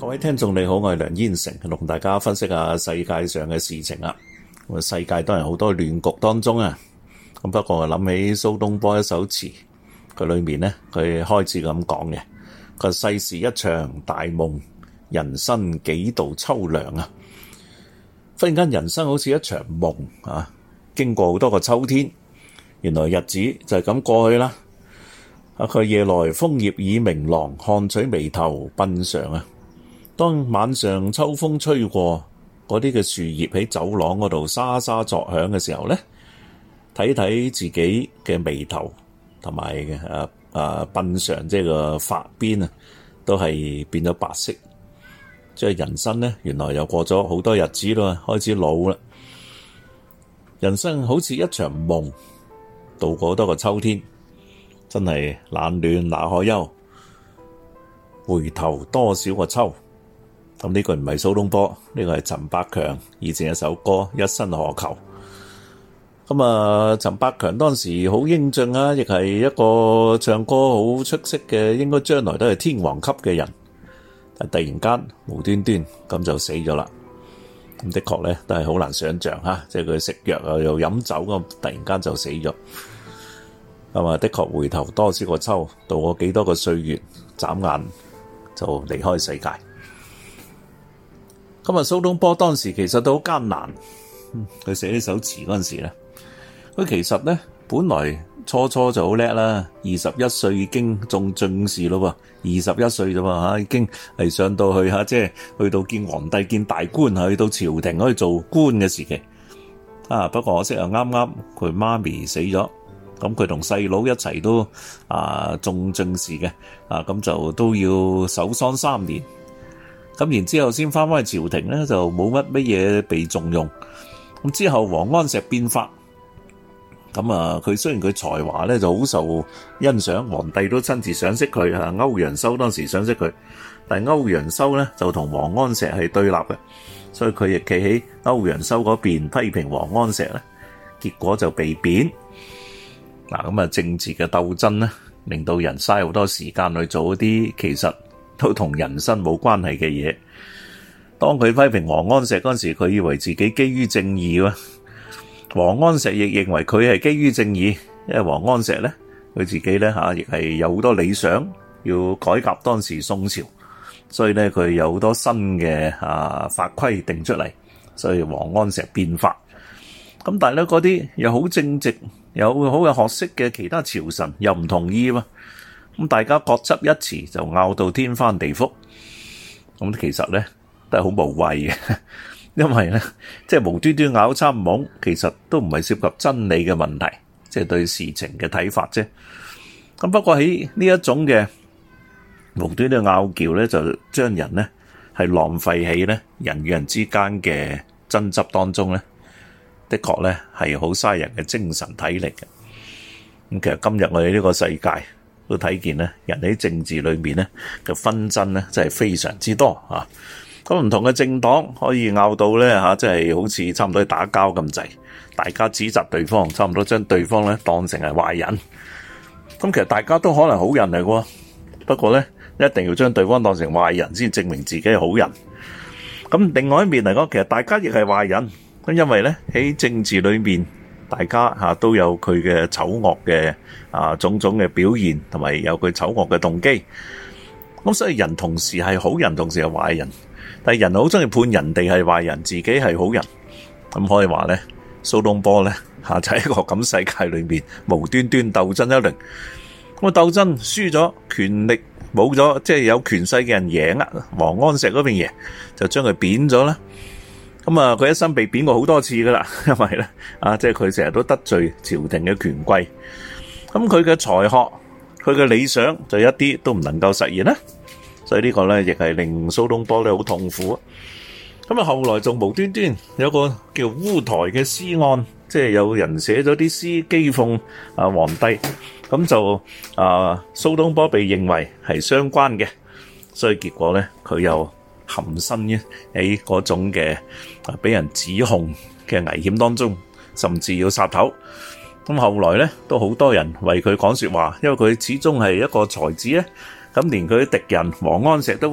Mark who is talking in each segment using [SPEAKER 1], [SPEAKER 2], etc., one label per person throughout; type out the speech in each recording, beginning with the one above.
[SPEAKER 1] 各位聽眾你好，我係梁燕城，同大家分析下世界上嘅事情啊。世界都係好多亂局當中啊。咁不過我諗起蘇東坡一首詞，佢裏面呢佢開始咁講嘅，佢世事一場大夢，人生幾度秋涼啊。忽然間，人生好似一場夢啊，經過好多個秋天，原來日子就係咁過去啦。啊，佢夜來風葉已鳴廊，看取眉頭鬢上啊。當晚上秋風吹過，嗰啲嘅樹葉喺走廊嗰度沙沙作響嘅時候咧，睇睇自己嘅眉頭同埋嘅誒誒鬢上即係個髮邊啊，都係變咗白色，即係人生咧，原來又過咗好多日子啦，開始老啦。人生好似一場夢，度過多個秋天，真係冷暖哪可憂，回頭多少個秋。咁呢個唔係蘇東坡，呢、這個係陳百強以前一首歌《一生何求》。咁啊，陳百強當時好英俊啊，亦係一個唱歌好出色嘅，應該將來都係天王級嘅人。但突然間無端端咁就死咗啦。咁的確咧都係好難想象吓，即係佢食藥啊，就是、藥又飲酒咁，突然間就死咗。咁啊，的確回頭多少個秋，度過幾多個歲月，眨眼就離開世界。今日蘇東坡當時其實都好艱難，佢寫呢首詞嗰陣時咧，佢其實咧本來初初就好叻啦，二十一歲已經中進士咯喎，二十一歲咋嘛吓，已經係上到去吓，即係去到見皇帝、見大官，去到朝廷嗰度做官嘅時期。啊，不過可惜又啱啱佢媽咪死咗，咁佢同細佬一齊都啊中進士嘅，啊咁、啊、就都要守喪三年。咁然之後，先返返去朝廷咧，就冇乜乜嘢被重用。咁之後，王安石變法，咁啊，佢雖然佢才華咧就好受欣賞，皇帝都親自賞識佢啊，歐陽修當時賞識佢，但係歐陽修咧就同王安石係對立嘅，所以佢亦企喺歐陽修嗰邊批評王安石咧，結果就被貶。嗱，咁啊，政治嘅鬥爭咧，令到人嘥好多時間去做一啲其實。都同人生冇關係嘅嘢。當佢批評王安石嗰時，佢以為自己基於正義啊。王安石亦認為佢係基於正義，因為王安石咧，佢自己咧嚇亦係有好多理想，要改革當時宋朝，所以咧佢有好多新嘅啊法規定出嚟，所以王安石變法。咁但係咧，嗰啲又好正直，又好有學識嘅其他朝臣又唔同意啊嘛。咁大家各執一詞，就拗到天翻地覆，咁其實咧都係好無謂嘅，因為咧即係無端端拗餐懵，其實都唔係涉及真理嘅問題，即係對事情嘅睇法啫。咁不過喺呢一種嘅無端端拗撬咧，就將人咧係浪費喺咧人與人之間嘅爭執當中咧，的確咧係好嘥人嘅精神體力嘅。咁其實今日我哋呢個世界。都睇見咧，人哋喺政治裏面咧嘅紛爭咧，真係非常之多吓。咁唔同嘅政黨可以拗到咧吓，即係好似差唔多打交咁滯。大家指責對方，差唔多將對方咧當成係壞人。咁其實大家都可能好人嚟嘅，不過咧一定要將對方當成壞人先證明自己係好人。咁另外一面嚟講，其實大家亦係壞人，咁因為咧喺政治裏面。大家吓都有佢嘅醜惡嘅啊種種嘅表現，同埋有佢醜惡嘅動機。咁所以人同時係好人，同時係壞人。但係人好中意判人哋係壞人，自己係好人。咁可以話呢，蘇東坡呢，吓，啊，就係一個咁世界裏面無端端鬥爭一輪。咁啊鬥爭輸咗，權力冇咗，即係有權勢嘅人贏啊。王安石嗰邊贏，就將佢貶咗啦。咁啊，佢一生被貶過好多次噶啦，因為咧，啊，即係佢成日都得罪朝廷嘅權貴。咁佢嘅才學、佢嘅理想，就一啲都唔能夠實現啦。所以呢個咧，亦係令蘇東坡咧好痛苦。咁啊，後來仲無端端有個叫烏臺嘅詩案，即係有人寫咗啲詩譏諷啊皇帝，咁就啊蘇東坡被認為係相關嘅，所以結果咧，佢又。含身嘅喺嗰種嘅俾人指控嘅危險當中，甚至要殺頭。咁後來咧，都好多人為佢講說話，因為佢始終係一個才子啊。咁連佢敵人王安石都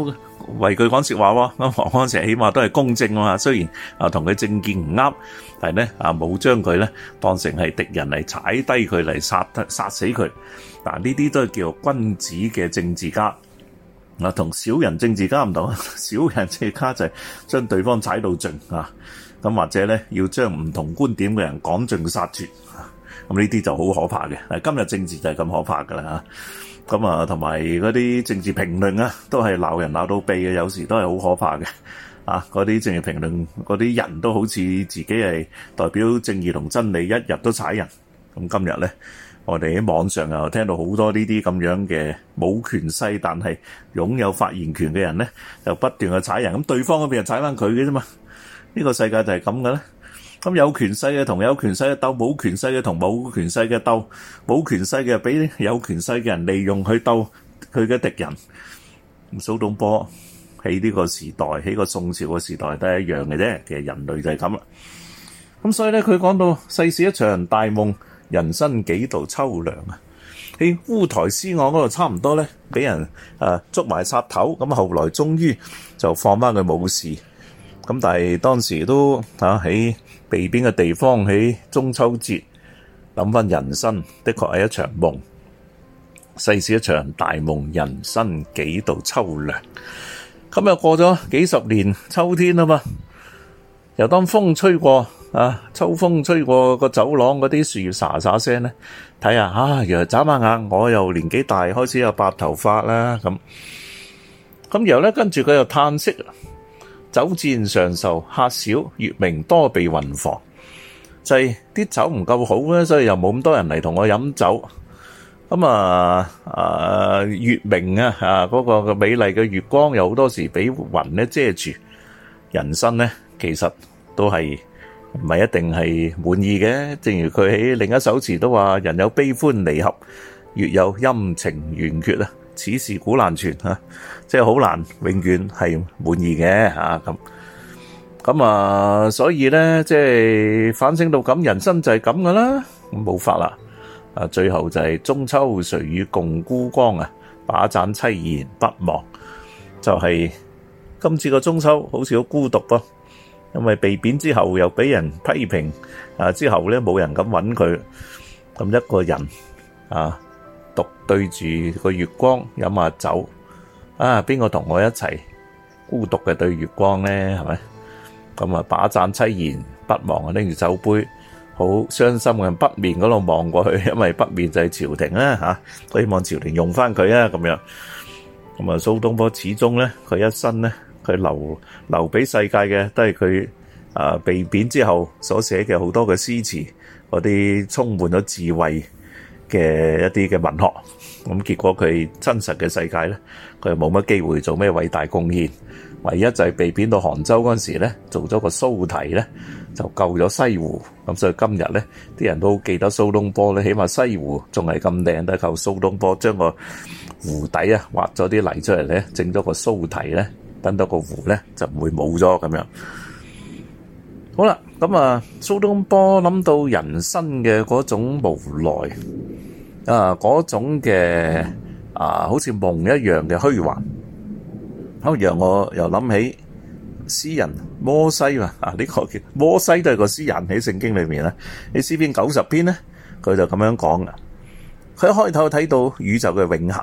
[SPEAKER 1] 為佢講說話喎。咁王安石起碼都係公正啊嘛，雖然啊同佢政見唔啱，但係咧啊冇將佢咧當成係敵人嚟踩低佢嚟殺殺死佢。嗱，呢啲都係叫做君子嘅政治家。嗱，同小人政治家唔同，小人政治家就係將對方踩到盡啊，咁或者咧要將唔同觀點嘅人趕盡殺絕，咁呢啲就好可怕嘅。嗱，今日政治就係咁可怕噶啦嚇，咁啊同埋嗰啲政治評論啊，都係鬧人鬧到痹嘅，有時都係好可怕嘅。啊，嗰啲政治評論嗰啲人都好似自己係代表正義同真理，一日都踩人。咁今日咧，我哋喺網上又聽到好多呢啲咁樣嘅冇權勢，但係擁有發言權嘅人咧，又不斷去踩人。咁對方嗰邊就踩翻佢嘅啫嘛。呢個世界就係咁嘅啦。咁有權勢嘅同有權勢嘅鬥，冇權勢嘅同冇權勢嘅鬥，冇權勢嘅俾有權勢嘅人利用去鬥佢嘅敵人。蘇東坡喺呢個時代，喺個宋朝嘅時代都係一樣嘅啫。其實人類就係咁啦。咁所以咧，佢講到世事一場大夢。人生幾度秋涼啊！喺烏台詩案嗰度差唔多咧，俾人誒捉埋殺頭，咁後來終於就放翻佢冇事。咁但係當時都嚇喺被貶嘅地方，喺中秋節諗翻人生，的確係一場夢。世事一場大夢，人生幾度秋涼。今日過咗幾十年，秋天啊嘛，又當風吹過。à，秋風吹過，個走廊，嗰啲樹葉沙沙聲咧。睇下，吓，唔係一定係滿意嘅，正如佢喺另一首詞都話：人有悲歡離合，月有陰晴圓缺啊！此事古難全啊，即係好難永遠係滿意嘅啊咁。咁啊，所以咧即係反省到咁，人生就係咁噶啦，冇法啦。啊，最後就係中秋誰與共孤光啊，把盞凄然北望，就係今次個中秋，好似好孤獨咯。因為被貶之後又俾人批評，啊之後咧冇人敢揾佢，咁一個人啊獨對住個月光飲下酒，啊邊個同我一齊孤獨嘅對月光咧係咪？咁啊把盞凄然北望啊拎住酒杯，好傷心嘅北面嗰度望過去，因為北面就係朝廷啦吓，希望朝廷用翻佢啊咁樣。咁啊蘇東坡始終咧佢一生咧。佢留留俾世界嘅都係佢啊被貶之後所寫嘅好多嘅詩詞，嗰啲充滿咗智慧嘅一啲嘅文學。咁結果佢真實嘅世界咧，佢又冇乜機會做咩偉大貢獻，唯一就係被貶到杭州嗰陣時咧，做咗個蘇堤咧，就救咗西湖。咁所以今日咧，啲人都記得蘇東坡咧，起碼西湖仲係咁靚都係靠蘇東坡將個湖底啊挖咗啲泥出嚟咧，整咗個蘇堤咧。等到個湖咧就唔會冇咗咁樣。好啦，咁啊蘇東坡諗到人生嘅嗰種無奈啊，嗰種嘅啊好似夢一樣嘅虛幻，好，讓我又諗起詩人摩西啊，呢個叫摩西都係個詩人喺聖經裏面啦。喺詩篇九十篇咧，佢就咁樣講啊。佢一開頭睇到宇宙嘅永恆。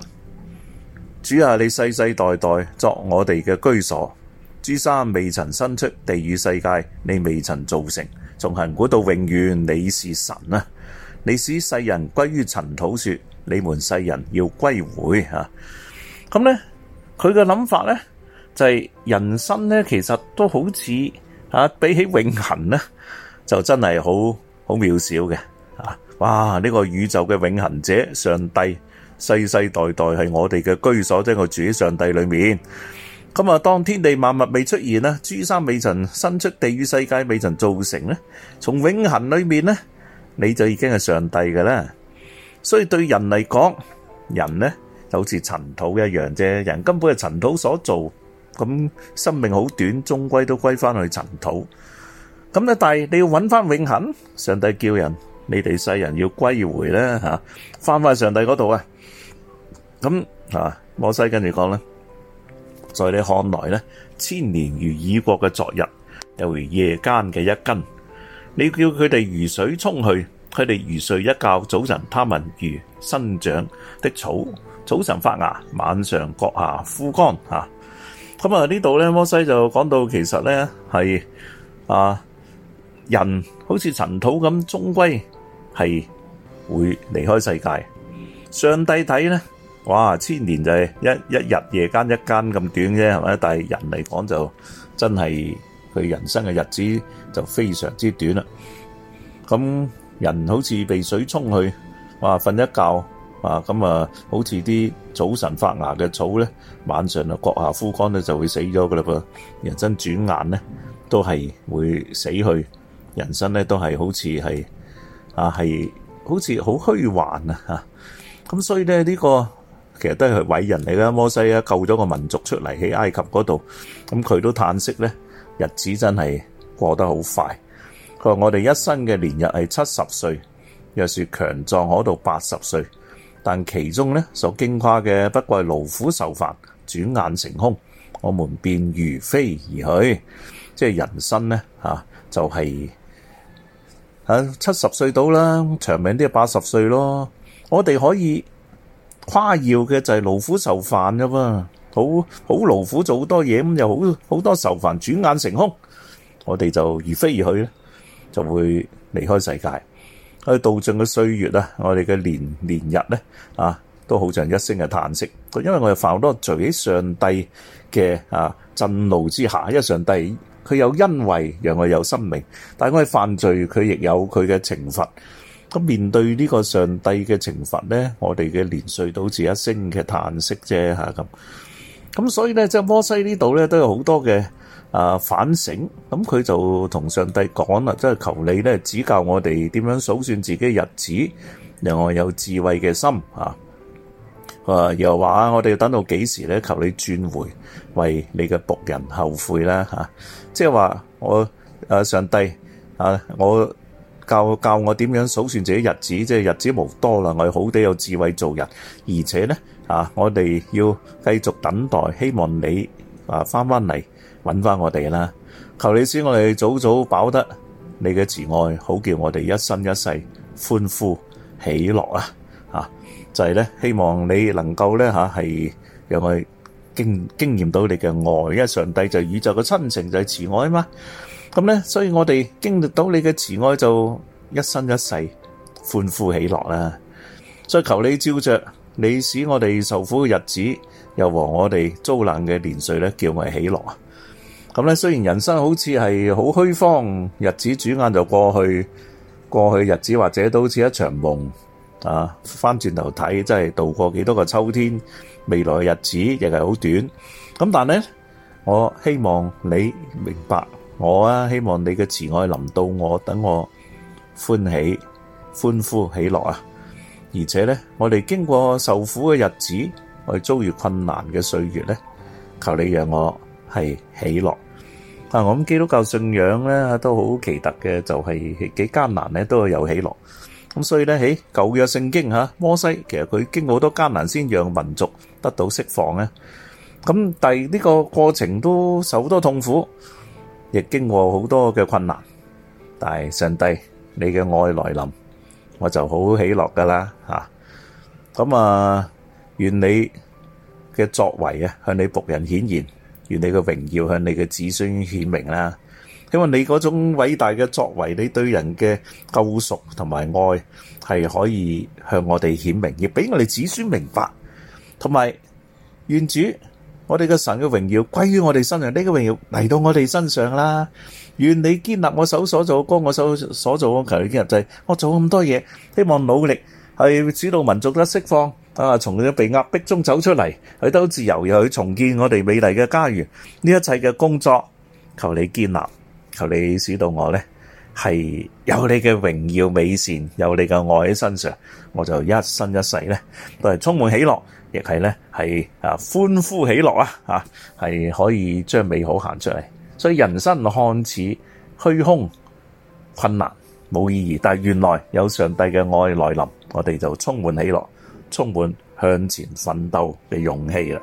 [SPEAKER 1] 主啊，你世世代代作我哋嘅居所，諸山未曾生出，地與世界，你未曾造成，從恆古到永遠，你是神啊！你使世人歸於塵土，說，說你們世人要歸回啊！咁咧，佢嘅諗法咧就係、是、人生咧，其實都好似啊，比起永恆咧，就真係好好渺小嘅啊！哇，呢個宇宙嘅永恆者，上帝。世世代代係我哋嘅居所，即係我住喺上帝裏面。咁啊，當天地萬物未出現咧，諸山未曾生出，地與世界未曾造成咧，從永恒裏面咧，你就已經係上帝嘅啦。所以對人嚟講，人咧就好似塵土一樣啫，人根本係塵土所做，咁生命好短，終歸都歸翻去塵土。咁咧，但係你要搵翻永恒，上帝叫人。你哋世人要歸回咧吓，翻返上帝嗰度啊！咁啊，摩西跟住講呢：「在你看來咧，千年如已過嘅昨日，猶如夜間嘅一更。你叫佢哋如水沖去，佢哋如睡一覺。早晨，他們如生長的草；早晨發芽，晚上割下枯乾。吓，咁啊呢度咧，摩西就講到，其實咧係啊人好似塵土咁，終歸。係會離開世界，上帝睇咧，哇，千年就係一一日，夜間一間咁短啫，係咪？但係人嚟講就真係佢人生嘅日子就非常之短啦。咁人好似被水沖去，哇！瞓一覺啊，咁啊，好似啲早晨發芽嘅草咧，晚上就割下枯乾咧，就會死咗噶啦噃。人生轉眼咧，都係會死去，人生咧都係好似係。啊，係好似好虛幻啊！嚇，咁所以咧呢個其實都係偉人嚟啦，摩西啊救咗個民族出嚟喺埃及嗰度。咁佢都嘆息咧，日子真係過得好快。佢話：我哋一生嘅年日係七十歲，若是強壯可到八十歲，但其中咧所經跨嘅不過是勞苦受煩，轉眼成空，我們便如飛而去。即係人生咧嚇，就係。啊，七十歲到啦，長命啲啊八十歲咯。我哋可以誇耀嘅就係勞苦愁煩啫噃，好好勞苦做好多嘢，咁又好好多愁煩，轉眼成空。我哋就如飛而去咧，就會離開世界。我哋度盡嘅歲月啊，我哋嘅年年日咧，啊，都好像一聲嘅嘆息。因為我哋犯好多罪喺上帝嘅啊震怒之下，因為上帝。佢有恩惠，讓我有生命；但係我哋犯罪，佢亦有佢嘅懲罰。咁面對呢個上帝嘅懲罰咧，我哋嘅年歲導致一聲嘅嘆息啫吓，咁。咁、啊、所以咧，即係摩西呢度咧都有好多嘅啊反省。咁佢就同上帝講啦，即係求你咧指教我哋點樣數算自己日子，讓我有智慧嘅心、啊又話啊，我哋要等到幾時咧？求你轉回，為你嘅僕人後悔啦、啊！即係話我啊，上帝啊，我教教我點樣數算自己日子，即係日子無多啦。我哋好啲有智慧做人，而且咧啊我哋要繼續等待，希望你啊翻翻嚟搵翻我哋啦。求你先，我哋早早飽得你嘅慈愛，好叫我哋一生一世歡呼喜樂啊！就係咧，希望你能夠咧嚇係讓佢經經驗到你嘅愛，因為上帝就宇宙嘅親情就係、是、慈愛嘛。咁咧，所以我哋經歷到你嘅慈愛，就一生一世歡呼喜樂啦。所以求你照着你使我哋受苦嘅日子，又和我哋遭難嘅年歲咧，叫我哋喜樂啊。咁咧，雖然人生好似係好虛荒，日子轉眼就過去，過去日子或者都好似一場夢。啊！翻轉頭睇，真係度過幾多個秋天，未來嘅日子亦係好短。咁但係咧，我希望你明白我啊，希望你嘅慈愛臨到我，等我歡喜、歡呼、喜樂啊！而且咧，我哋經過受苦嘅日子，我哋遭遇困難嘅歲月咧，求你讓我係喜樂。啊！我諗基督教信仰咧，都好奇特嘅，就係幾艱難咧，都會有喜樂。咁所以咧，喺，舊約聖經吓，摩西其實佢經過好多艱難，先讓民族得到釋放啊！咁第呢個過程都受好多痛苦，亦經過好多嘅困難。但係上帝，你嘅愛來臨，我就好喜樂噶啦吓。咁啊，願你嘅作為啊，向你僕人顯現；願你嘅榮耀向你嘅子孫顯明啦。因為你嗰種偉大嘅作為，你對人嘅救贖同埋愛係可以向我哋顯明，亦俾我哋子孫明白。同埋願主，我哋嘅神嘅榮耀歸於我哋身上，呢個榮耀嚟到我哋身上啦。願你建立我手所做工，我手所做嘅求你建立，就係我做咁多嘢，希望努力去主導民族得釋放啊，從被壓迫中走出嚟，去到自由，又去重建我哋美麗嘅家園。呢一切嘅工作，求你建立。求你使到我呢，係有你嘅榮耀美善，有你嘅愛喺身上，我就一生一世呢，都係充滿喜樂，亦係呢，係啊歡呼喜樂啊吓，係可以將美好行出嚟。所以人生看似虛空困難冇意義，但係原來有上帝嘅愛來臨，我哋就充滿喜樂，充滿向前奮鬥嘅勇氣啦。